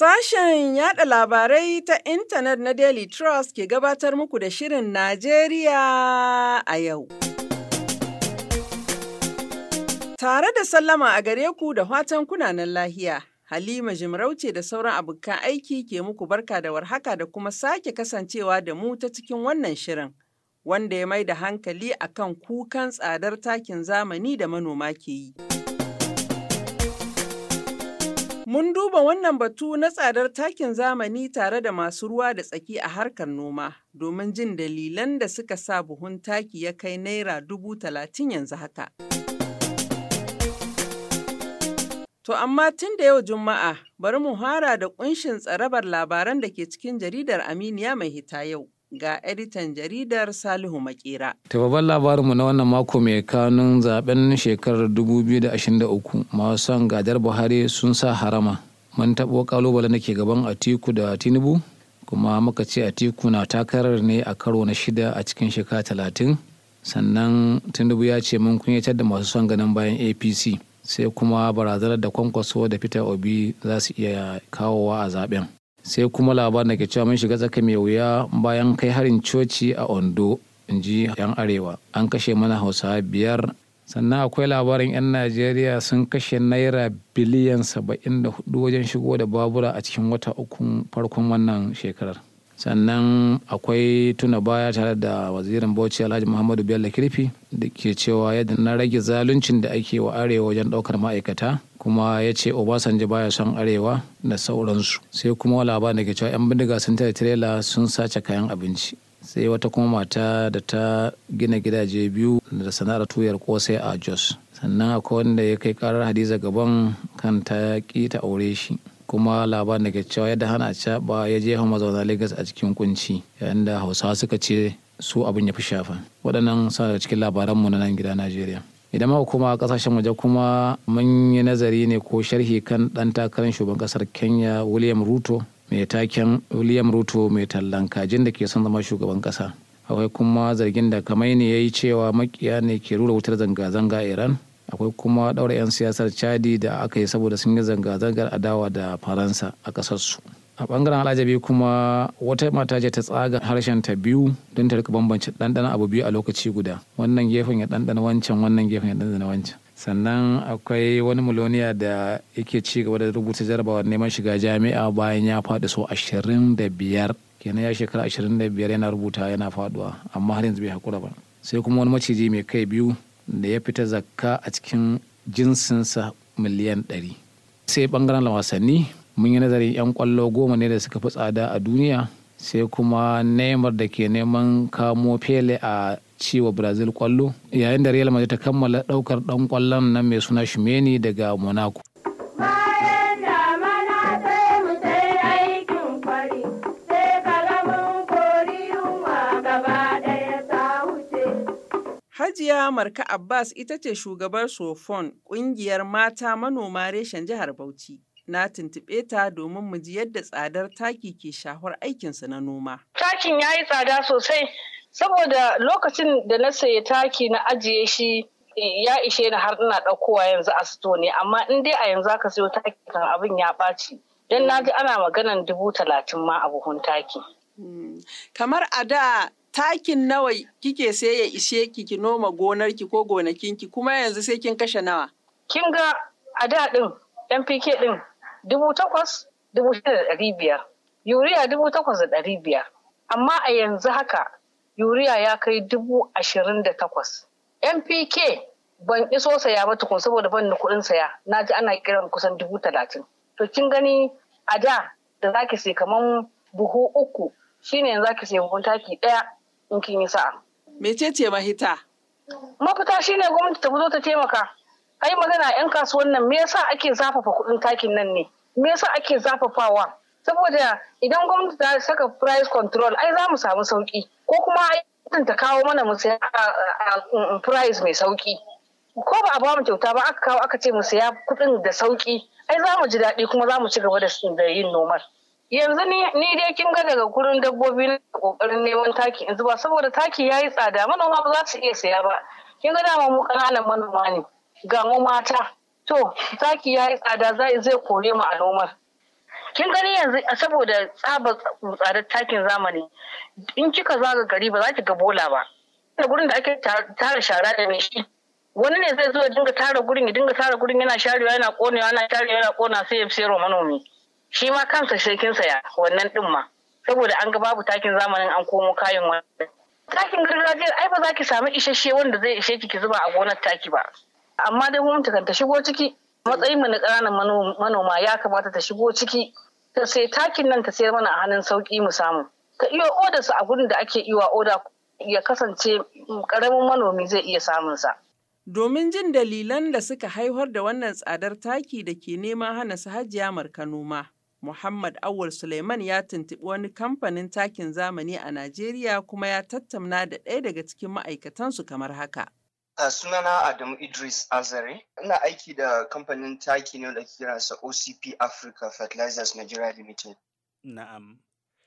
Sashen yada labarai ta intanet na Daily Trust ke gabatar muku da Shirin Najeriya a yau. Tare da sallama a gare ku da fatan kunanan lahiya. Halima Jimarauce da sauran abokan aiki ke muku barka da warhaka da kuma sake kasancewa da mu ta cikin wannan shirin, wanda ya mai da hankali akan kukan tsadar takin zamani da manoma ke yi. Mun duba wannan batu na tsadar takin zamani tare da masu ruwa da tsaki a harkar noma domin jin dalilan da suka sa buhun taki ya kai naira dubu talatin yanzu haka. To amma tun da yau Juma'a bari mu hara da kunshin tsarabar labaran da ke cikin jaridar Aminiya mai hita yau. ga editan jaridar Salihu Makera. Ta babban labarinmu na wannan mako mai kanun zaben shekarar 2023 masu son gadar Buhari sun sa harama. Mun taɓo kalubale da ke gaban Atiku da Tinubu, kuma muka ce Atiku na takarar ne a karo na shida a cikin shekara talatin. Sannan Tinubu ya ce mun kunyatar da masu son ganin bayan APC. Sai kuma barazanar da kwankwaso da Peter Obi za su iya kawowa a zaben. sai kuma labarin da ke cewa mun shiga tsaka mai wuya bayan kai harin coci a ondo in ji 'yan arewa an kashe mana hausawa biyar sannan akwai labarin 'yan najeriya sun kashe naira biliyan saba'in da hudu wajen shigo da babura a cikin wata uku farkon wannan shekarar sannan akwai tuna baya tare da wazirin bauchi alhaji muhammadu bello kirfi da ke cewa yadda na rage zaluncin da ake wa arewa wajen daukar ma'aikata kuma ya ce obasanjo baya son arewa da sauransu sai kuma labarin da ke cewa 'yan bindiga sun tare tirela sun sace kayan abinci sai wata kuma mata da ta gina gidaje biyu da sana'ar tuyar kosai a jos sannan akwai wanda ya kai karar hadiza gaban kan ta ki ta aure shi kuma labarin da ke cewa yadda hana ba ya je jefa mazauna lagos a cikin kunci yayin da hausawa suka ce su abin ya fi shafa waɗannan suna da cikin labaranmu na nan gida najeriya idan ma a kasashen waje kuma mun yi nazari ne ko sharhi kan dan takarar shugaban kasar kenya william ruto mai taken william ruto mai tallan kajin da ke son zama shugaban kasa akwai kuma zargin da kamai ne ya yi cewa makiya ne ke rura wutar zanga-zanga iran akwai kuma daura 'yan siyasar chadi da aka yi saboda sun yi zanga-zangar adawa da faransa a ƙasarsu a bangaren alajabi kuma wata mata je ta tsaga harshen ta biyu don ta rika bambance ɗanɗana abu biyu a lokaci guda wannan gefen ya ɗanɗana wancan wannan gefen ya ɗanɗana wancan sannan akwai wani miloniya da yake ci gaba da rubuta jarabawar neman shiga jami'a bayan ya faɗi so ashirin da biyar kenan ya shekara ashirin da biyar yana rubuta yana faduwa amma har yanzu bai haƙura ba sai kuma wani maciji mai kai biyu da ya fita zakka a cikin jinsinsa miliyan ɗari sai bangaren wasanni mun yi nazarin 'yan kwallo goma ne da suka fi tsada a duniya sai kuma neymar da ke neman kamo pele a ciwo brazil kwallo yayin da real madrid ta kammala daukar dan kwallon nan mai suna shumeni daga monaco Hajiya Marka Abbas ita ce shugabar Sofon, ƙungiyar mata manoma reshen jihar Bauchi. na tuntuɓe ta domin mu ji yadda tsadar taki ke shafar aikinsa na noma. Takin ya yi tsada sosai saboda lokacin da na sayi taki na ajiye shi ya ishe ni har ina ɗaukowa yanzu a sito ne amma in dai a yanzu aka sayo taki kan abin ya ɓaci don na ji ana maganan dubu talatin ma a buhun taki. Hmm, kamar a da takin nawa kike sai ya ishe ki ki noma gonarki ko gonakinki kuma yanzu sai kin kashe nawa? Kin ga a da ɗin fike ɗin dubu takwas dubu yuriya dubu takwas da biyar amma a yanzu haka yuriya ya kai dubu ashirin da takwas mpk ban iso saya ba tukun saboda ban da kuɗin saya na ji ana kiran kusan dubu talatin to kin gani a da da za ki sai kaman buhu uku shine yanzu za ki sai buhun taki ɗaya in kin yi sa'a mecece mahita mafita shine gwamnati ta fito ta taimaka ai magana yan kasuwan nan me yasa ake zafafa kuɗin takin nan ne me yasa ake zafafawa saboda idan gwamnati ta saka price control ai za mu samu sauki ko kuma ai ta kawo mana mu saya price mai sauki ko ba a ba mu kyauta ba aka kawo aka ce mu saya kuɗin da sauki ai za mu ji daɗi kuma za mu ci gaba da yin noma. yanzu ni dai kin ga daga gurin dabbobi na kokarin neman taki yanzu ba saboda taki yayi tsada manoma ba za su iya saya ba kin ga dama mu kananan manoma ne ga mata to zaki ya yi tsada zai kore mu a noma. kin gani yanzu saboda tsaba tsadar takin zamani in kika zaga gari ba za ki ga bola ba da gurin da ake tara shara da shi wani ne zai zo ya dinga tara gurin ya dinga tara gurin yana sharewa yana konewa yana sharewa yana kona sai ya fi manomi shi ma kansa sai kin saya wannan din ma saboda an ga babu takin zamanin an komo kayan wannan takin gargajiya ai ba za ki samu isasshe wanda zai ishe ki ki zuba a gonar taki ba amma dai gwamnati kan ta shigo ciki matsayin mu na ƙananan manoma ya kamata ta shigo ciki ta sai takin nan ta sayar mana a hannun sauki mu samu ta iya oda su a gurin da ake iya oda ya kasance ƙaramin manomi zai iya samun sa domin jin dalilan da suka haifar da wannan tsadar taki da ke neman hana su hajiya marka Muhammad Awul Suleiman ya tuntubi wani kamfanin takin zamani a Najeriya kuma ya tattauna da ɗaya daga cikin ma'aikatansu kamar haka. Uh, sunana Adamu Idris Azare. Ina aiki da kamfanin taki ne da kiransa OCP Africa Fertilizers Nigeria Limited. Na'am.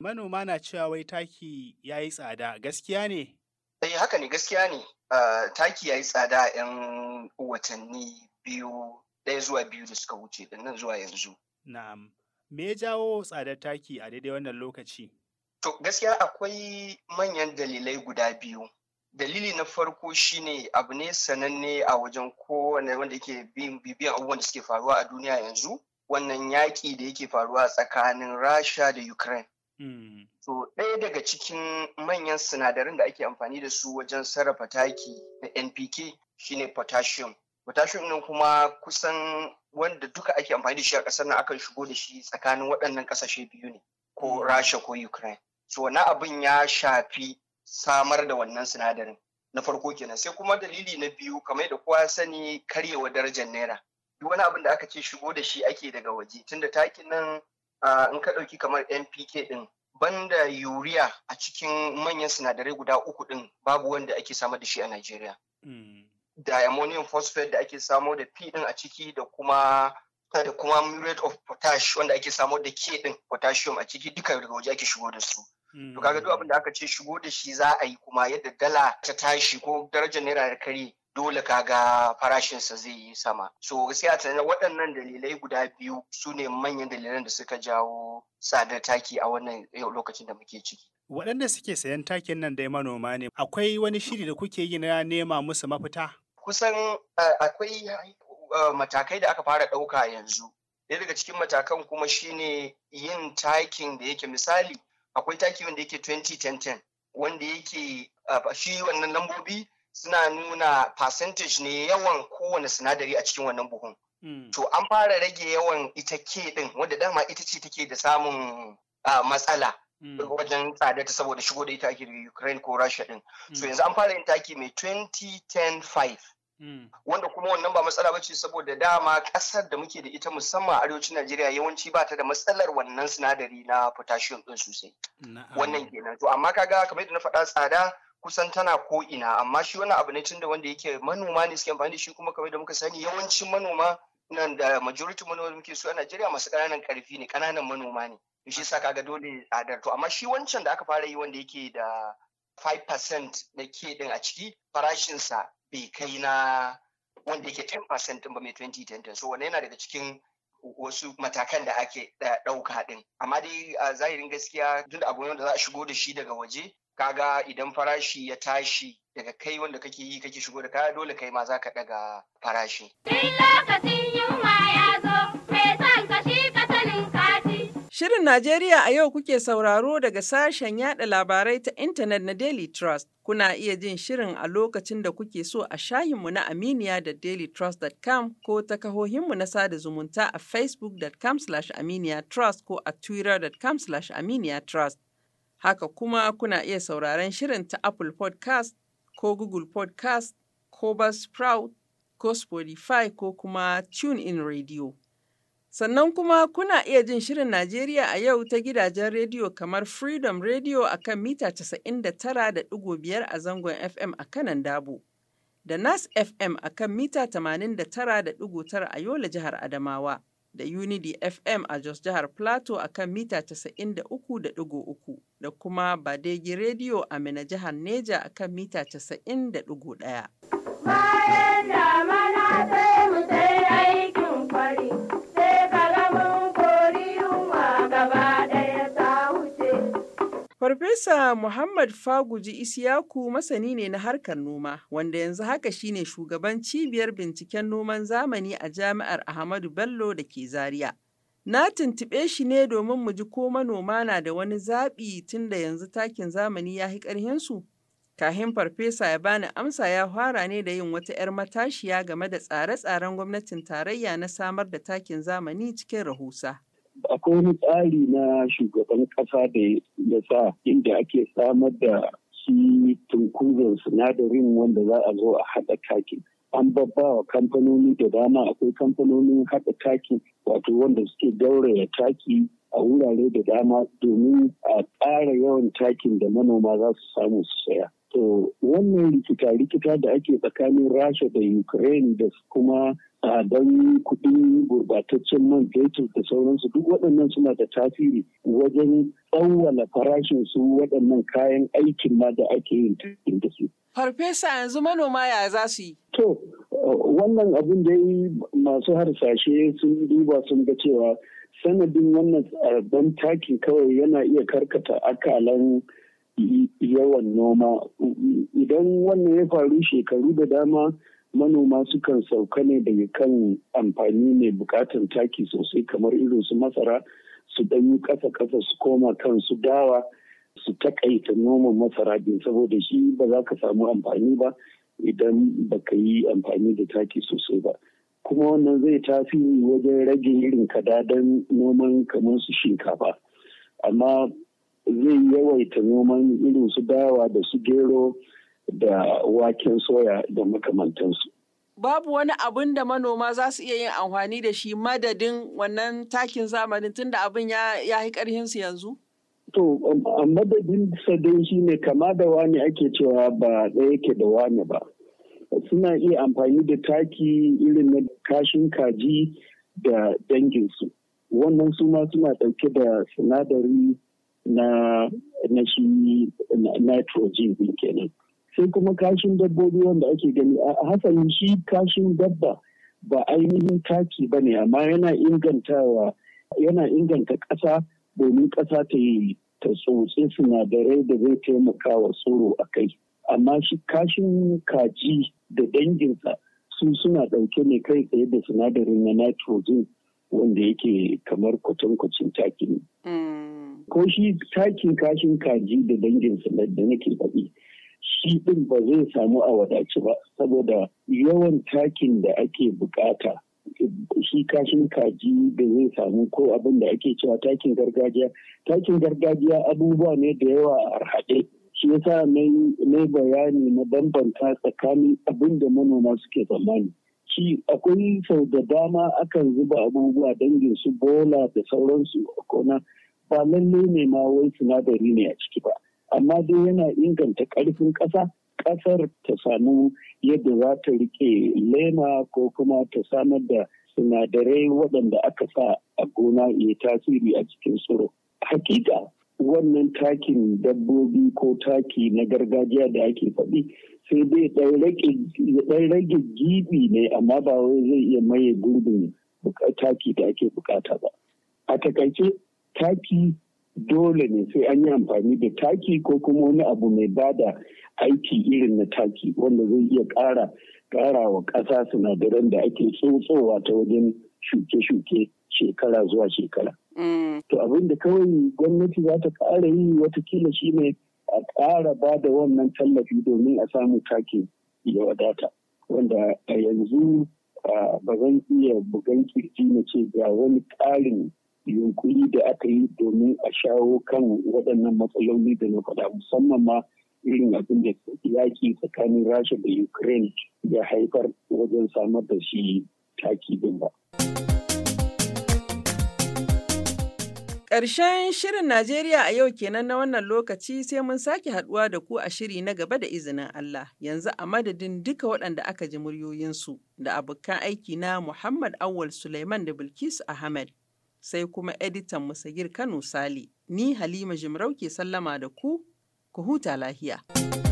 Manoma na cewa wai taki ya yi tsada, gaskiya ne? Eh haka ne gaskiya ne. Uh, taki ya yi tsada yan watanni biyu ɗaya zuwa biyu da suka wuce da nan zuwa yanzu. Na'am. Me ya jawo tsadar taki a daidai wannan lokaci? To gaskiya akwai manyan dalilai guda biyu. dalili na farko shine abu ne sananne a wajen kowane wanda yake bin bibiyan abubuwan da suke faruwa a duniya yanzu wannan yaƙi da yake faruwa tsakanin rasha da ukraine hmm. so ɗaya daga cikin manyan sinadarin da ake amfani da su wajen sarrafa taki na npk shine potassium potassium nan kuma kusan wanda duka ake amfani da shi a ƙasar nan akan shigo da shi tsakanin waɗannan ƙasashe biyu ne ko hmm. rasha ko ukraine so na abin ya shafi samar da wannan sinadarin na farko kenan sai kuma dalili na biyu kamar da kowa sani karyewa darajar naira duk wani abin da aka ce shigo da shi ake daga waje tunda takin nan in ka ɗauki kamar npk din banda urea a cikin manyan sinadarai guda uku din babu wanda ake samar da shi a Najeriya. Mm. Da ammonium phosphate da ake samo da P din a ciki da kuma da kuma muriate of potash wanda ake samo da K din potassium a ciki duka daga waje ake shigo da su. Mm. to kaga duk abin da aka ce shigo da shi za a yi kuma yadda dala ta tashi ko darajar naira da kare dole kaga farashinsa zai yi sama. So gaskiya a waɗannan dalilai guda biyu su ne manyan dalilan da suka jawo tsadar taki a wannan lokacin da muke ciki. Waɗanda suke sayan takin nan dai manoma ne, akwai wani shiri da kuke yi na nema musu mafita? Kusan akwai matakai da aka fara ɗauka yanzu. Ɗaya daga cikin matakan kuma shine yin takin da yake misali akwai taki wanda yake 2010 wanda yake shi wannan lambobi suna nuna percentage ne yawan kowane sinadari a cikin wannan buhun. Hmm. To an fara rage yawan ita ke din wadda dama ita ce take da samun matsala hmm. wajen tsada ta saboda shigo da ita ake Ukraine ko Russia ɗin hmm. So yanzu an fara yin taki mai 2010-5 Mm. wanda kuma wannan ba matsala bace saboda dama kasar da muke da ita musamman arewacin Najeriya yawanci ba ta da matsalar wannan sinadari na potassium ɗin sosai wannan kenan to amma kaga kamar yadda na faɗa tsada kusan tana ko ina amma shi wani abu ne da wanda yake manoma ne suke amfani da shi kuma kamar da muka sani yawancin manoma nan da majority manoma da muke so a Najeriya masu ƙananan ƙarfi ne ƙananan manoma ne shi yasa kaga dole tsadar to amma shi wancan da aka fara yi wanda yake da 5% na ke din a ciki farashinsa bai kai na wanda yake 10% din ba mai 2010 so wannan yana daga cikin wasu matakan da ake ɗauka din amma dai a zahirin gaskiya duk abu wanda za a shigo da shi daga waje kaga idan farashi ya tashi daga kai wanda kake yi kake shigo da kaya dole kai ma za ka ɗaga farashi. Shirin Najeriya a yau kuke sauraro daga sashen yada labarai ta intanet na Daily Trust. Kuna iya jin shirin a lokacin da kuke so a shahinmu na Aminiya da dailytrust.com ko ta kahohinmu na sada zumunta a facebookcom aminiyatrust ko a twittercom aminiyatrust. Haka kuma kuna iya sauraron shirin ta Apple Podcast ko Google Podcast ko Buzzsprout ko Spotify ko kuma tune in Radio. Sannan kuma kuna iya jin Shirin Najeriya a yau ta gidajen rediyo kamar Freedom Radio a kan mita 99.5 a zangon FM a kanan Dabo, da Nas FM a kan mita 89.9 a Yola jihar Adamawa, da Unity FM a Jos jihar Plateau a kan mita 93.3, da kuma Badegi Radio a Mina jihar Neja a kan mita 90.1. Farfesa Muhammad Faguji Isiyaku masani ne na harkar noma, wanda yanzu haka shine shugaban cibiyar binciken noman zamani a Jami'ar Ahmadu Bello da ke Zaria. Na tuntuɓe shi ne domin mu ji ko manoma na da wani zaɓi tun da yanzu takin zamani ya yi ƙarhinsu. Kahin farfesa ya bani amsa ya fara ne da yin wata 'yar matashiya game da tsare-tsaren gwamnatin tarayya na samar da takin zamani cikin rahusa. akwai wani tsari na shugaban ƙasa da sa inda ake samar da shi tunkurin sinadarin wanda za a zo a haɗa takin an babba wa kamfanoni da dama akwai kamfanonin haɗa taki wato wanda suke gauraya taki a wurare da dama domin a tsara yawan takin da manoma za su samu su saya. To wannan rikita-rikita da ake tsakanin Rasha da Ukraine da kuma tsadan kuɗin gurbataccen man fetur da sauransu duk waɗannan suna da tasiri wajen tsawwala farashin su waɗannan kayan aikin ma da ake yin tafiyar da su. Farfesa yanzu manoma ya za su yi? To, wannan abin da yi masu harsashe sun duba sun ga cewa sanadin wannan tsadan takin kawai yana iya karkata akalan yawan noma. Idan wannan ya faru shekaru da dama manoma sukan sauka ne daga kan amfani mai bukatan taki sosai kamar irin su masara su ɗanyi ƙasa-ƙasa su koma kan su dawa su taƙaita noman masara din saboda shi ba za ka samu amfani ba idan ba ka yi amfani da taki sosai ba kuma wannan zai tafi wajen rage irin kadadan noman kamar su shinkafa amma zai yawaita noman irin su dawa da su gero da waken soya da makamantansu. Babu wani abin da manoma za su iya yin amfani da shi madadin wannan takin zamanin tunda abin ya yi ƙarhinsu yanzu? To, madadin sadai shi ne kama da wani ake cewa ba ɗaya yake da wani ba. Suna iya amfani da taki irin na kashin kaji da danginsu. Wannan su ma suna ɗauke da sinadari na shi nitrogen kenan. sai kuma kashin dabbobi wanda ake gani a hasan shi kashin dabba ba ainihin taki ba ne amma yana ingantawa yana inganta ƙasa domin ƙasa ta yi ta tsotsi sinadarai da zai taimaka wa tsoro a kai amma shi kashin kaji da danginsa su suna ɗauke ne kai tsaye da sinadarin na nitrogen wanda yake kamar kwatankwacin taki ne. Mm. Ko shi takin kashin kaji da danginsa da nake faɗi shi ɗin ba zai samu a wadaci ba saboda yawan takin da ake bukata shi kashin kaji da zai samu ko abin da ake cewa takin gargajiya takin gargajiya abubuwa ne da yawa a harhaɗe shi yasa na bayani na bambanta tsakanin abin da manoma suke tsammani shi akwai sau da dama akan zuba abubuwa dangin su bola da sauransu a kona ba lalle ne ma wai sinadari ne a ciki ba amma dai yana inganta karfin ƙasa ƙasar ta samu yadda za ta rike lema ko kuma ta samar da sinadarai waɗanda aka sa a gona ya tasiri a cikin tsoro. Hakika wannan takin dabbobi ko taki na gargajiya da ake faɗi sai dai ɗan rage gibi ne amma ba wai zai iya maye gurbin taki da ake bukata ba. A takaice taki dole ne sai an yi amfani da taki ko kuma wani abu mai bada aiki irin na taki wanda zai iya ƙara ƙara wa ƙasa sinadaran da ake tsotsowa ta wajen shuke-shuke shekara zuwa shekara. Mm. To abin da kawai gwamnati za ta ƙara yi watakila shi ne a ƙara ba da wannan tallafi domin a samu taki ya wadata. Wanda a yanzu ba zan iya bugan kirji na ce ga wani ƙarin yunkuri da aka yi domin a shawo kan waɗannan matsaloli da na faɗa musamman ma irin abin da yaƙi tsakanin rasha da ukraine ya haifar wajen samar da shi taki din ba. Ƙarshen shirin Najeriya a yau kenan na wannan lokaci sai mun sake haɗuwa da ku a shiri na gaba da izinin Allah yanzu a madadin duka waɗanda aka ji muryoyinsu da abokan aiki na Muhammad Awal Suleiman da Bilkisu Ahmed. sai kuma editan Musagir Kano Sali, ni Halima Jimarau ke sallama da ku, ku huta lahiya.